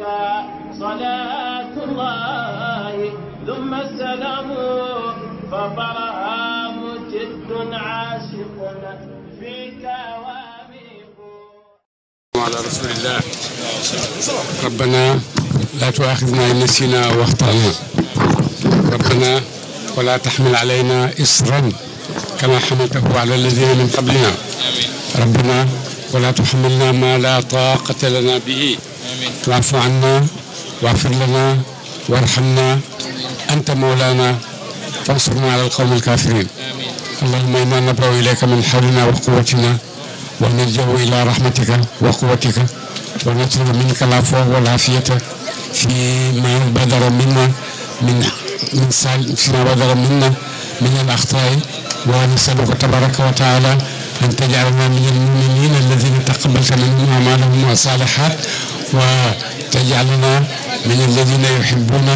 عليك صلاة الله ثم السلام فبرهام جد عاشق فيك واميق على رسول الله ربنا لا تؤاخذنا إن نسينا واخطأنا ربنا ولا تحمل علينا إصرا كما حملته على الذين من قبلنا ربنا ولا تحملنا ما لا طاقة لنا به waafu anna waafir lana warhamna anta mawlana fansurna ala alqawmi alkafirin allahumma inna nabra'u ilayka min hawlina wa quwwatina wa naljahu ila rahmatika wa quwwatika wa natlubu minka al-afwa wal afiyata فيما بدر منا من من سال فيما بدر منا من الاخطاء ونسالك تبارك وتعالى ان تجعلنا من المؤمنين الذين تقبلت منهم اعمالهم وصالحات وتجعلنا من الذين يحبون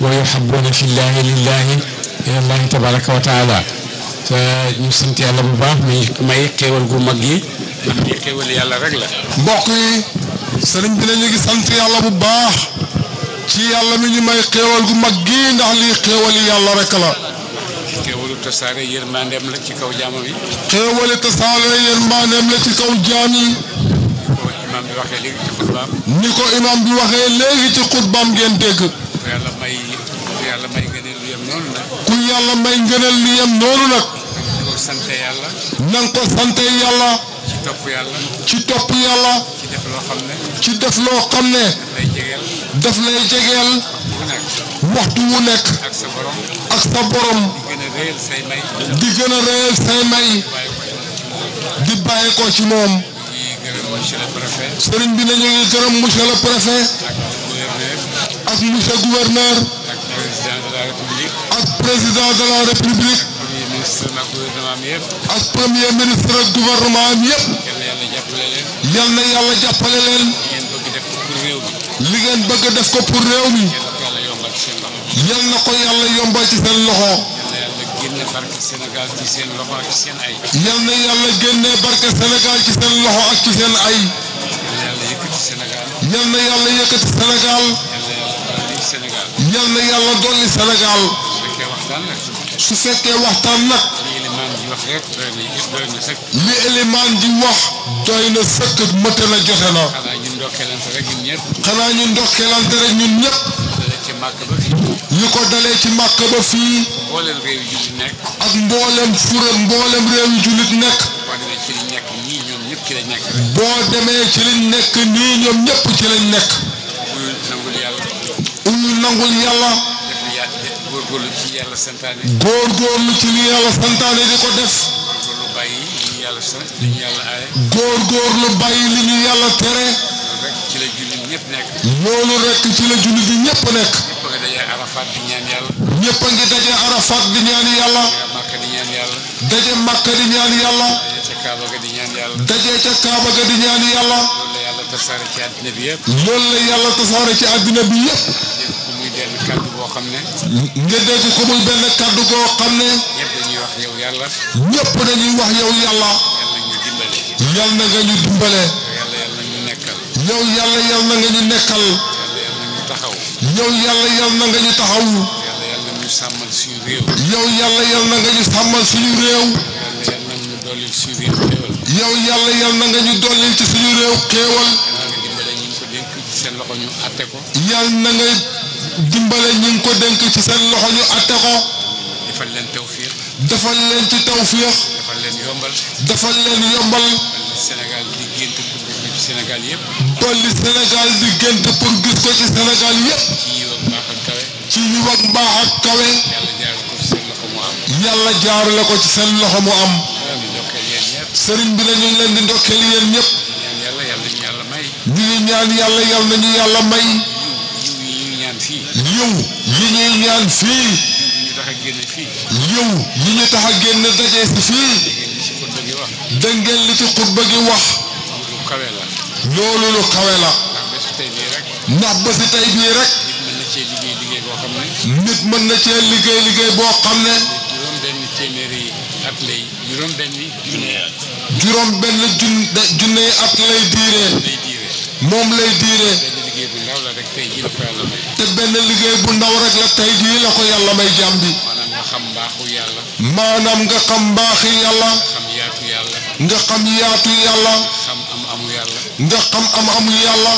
ويحبون في الله لله إلى الله تبارك وتعالى ñu sant yàlla bu baax mi may xéewal gu mag yi ndax li xéewal yàlla rek la mbokk yi sëriñ bi nañu ngi sant yàlla bu baax ci yàlla mi ñu may xéewal gu mag gi ndax lii xéewal yi yàlla rek la xéewalu tasaare yërmandeem la ci kaw jaam yi xéewali tasaare yërmandeem la ci kaw jaam yi imaam bi waxee léegi ci xutbaam. ni ko imaam bi waxee léegi ci xutbaam ngeen dégg. ku yàlla may ku yàlla may ngëneel noonu nag. ku yàlla may ngëneel lu yem na ko sante yàlla. na ko sante yàlla. ci topp yàlla. ci topp yàlla. def loo xam ne. ci def loo xam ne. daf lay jegeel. daf lay jegeel. waxtu wu nekk. ak sa borom. ak borom. di gën a say may. di bàyyi ko ci moom. sëriñ bi nañu ngi gërëm monsieur le préfet. ak monsieur gouverneur. ak président de la république. ak président de la république. ak premier ministre ak gouvernement am yëpp. yal na yàlla jàppale leen. li ngeen bëgg def ko pour réew mi. yal na ko yàlla yombal ci seen loxo. génne barke Sénégal ci seen loxo ak ci seen ay. yal na yàlla génne barke Sénégal ci seen loxo ak ci seen ay. yal na yàlla yëkkati Sénégal. yal na yàlla dolli Sénégal. su fekkee waxtaan nag. li élément di wax doy na sëkk mëte na joxe na. xanaa ñu ndokkeelante rek ñun ñëpp. ñu ko dalee ci màkk ba fii. mboolem réew nekk. ak mboolem fure mboolem réew yu jullit nekk. boo demee ci liñ nekk nii ñoom ñëpp ci lañ nekk. boo demee ci liñ nekk nii ñoom ñëpp ci lañ nekk. uyu nangul yàlla. uyu nangul yàlla. def li yàlla ci li yàlla santaane di ko def. góorgóorlu bàyyi li yàlla sant li ñu yàlla aaye. góorgóorlu bàyyi li ñu yàlla tere. loolu rek ci la jullit ñëpp nekk. loolu nekk. Arafat di ñaan yàlla. ñëpp a ngi daje Arafat di ñaan yàlla. daje Makka di ñaan yàlla. daje Makka di ñaan yàlla. daje ca Kaaba ga di ñaan yàlla. daje ca Kaaba ga di ñaan yàlla. loolu la yàlla tasaare ci àddina bi yëpp. loolu la yàlla tasaare ci àddina bi yëpp. muy benn kàddu boo xam ne. nga dégg ko muy benn kàddu boo xam ne. ñëpp dañuy wax yow yàlla. ñëpp dañuy wax yow yàlla. yàlla nga ñu dimbale. yàlla nga ñu dimbale. yow yàlla yàlla nga ñu nekkal. taxaw. yow yàlla yal na nga ñu taxaw. yàlla yal na ñu sàmmal suñu réew. yow yàlla yal na nga ñu sàmmal suñu réew. yow yàlla yal na nga ñu dollil ci suñu réew xéewal. yal na nga dimbale ñu ngi ko dénk ci seen loxo ñu atte ko. defal leen leen ci tawfiix. defal leen yombal. defal leen yombal. Sénégal di gént pour gis ko Sénégal yëpp. tool yi Sénégal di gént pour gis ko ci Sénégal yëpp. ci yiw ak mbaax ak kawe. ci yiw ak mbaax ak kawe. yàlla jaarale ko ci seen loxo mu am. yàlla jaarale ko bi la ñu leen di ndokkeel ñëpp. ñu ñaan yàlla yal nañu yàlla may. yiw yi ñuy ñaan fii. ñu tax a génn fii. yiw yi ñu tax a génn daje si fii. da ngeen li ci xutba gi wax. loolu lu kawe la. ndax ba si tey bii rek. nit mën na cee liggéey liggéey boo xam ne. juróom benn junne yi at lay diire. moom lay diire. te benn liggéey bu ndaw rek la tey jii la ko yàlla may jàmbi. maanaam nga xam mbaaxu maanaam nga xam mbaaxi yàlla. nga xam yaatu yàlla. xam am amu yàlla. nga xam am amu yàlla.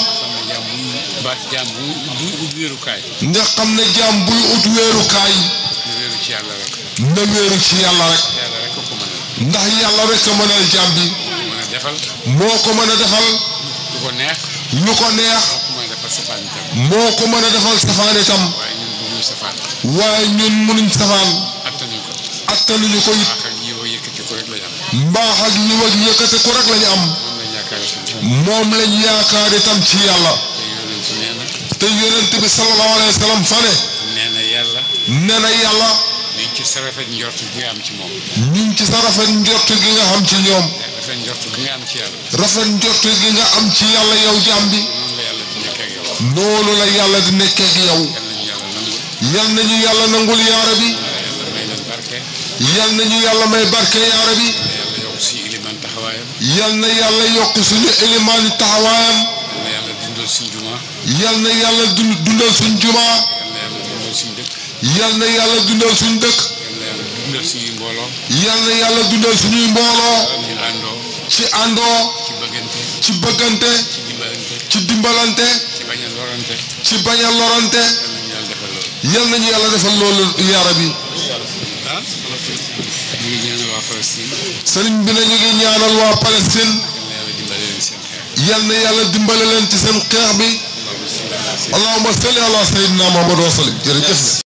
ba jaam buy ut wéerukaay. nga xam ne jaam buy ut wéerukaay. na wéeru ci yàlla rek. na wéeru ci yàlla rek. ndax yàlla rek a mënal jaam bi. moo ko mën a defal. lu ko neex. lu ko neex. moo ko mën a defal safaan itam. waaye ñun mënuñ safaan. waaye ñu mënuñ safaan. attanuñu ko it. mbaax ak ni wag yëkkati ko rek lañu am moom lañ yaakaar itam ci yàlla te yonent bi sallallahu alayhi wa na yàlla nee na yàlla ci sa rafet njort gi nga am ci moom ci sa rafet njort gi nga ci ñoom rafet njort gi nga am ci yàlla rafet njort gi am ci yàlla yow jaam bi noonu la yàlla di nekkee ak yow yal nañu yàlla nangul yaara bi yal yàlla may barke yaara taxawaayam. yal na yàlla yokk suñu élément yu taxawaayam. yal na yàlla dundal suñ juma. yal na yàlla dundal suñ juma. yal na yàlla dundal suñ dëkk. yal na yàlla dundal suñuy mbooloo. yal na yàlla dundal suñuy mbooloo. ci àndoo. ci ci bëggante. ci bëggante. ci dimbalante. ci bañ a lorante. ci bañ a yàlla defal loolu yaara ah. ñu ngi ñaanal waa Palestine. sëriñ bi ne ñu ngi ñaanal waa Palestine. yal na yàlla dimbale leen ci seen xeex bi. allahumma salli ala sayyidina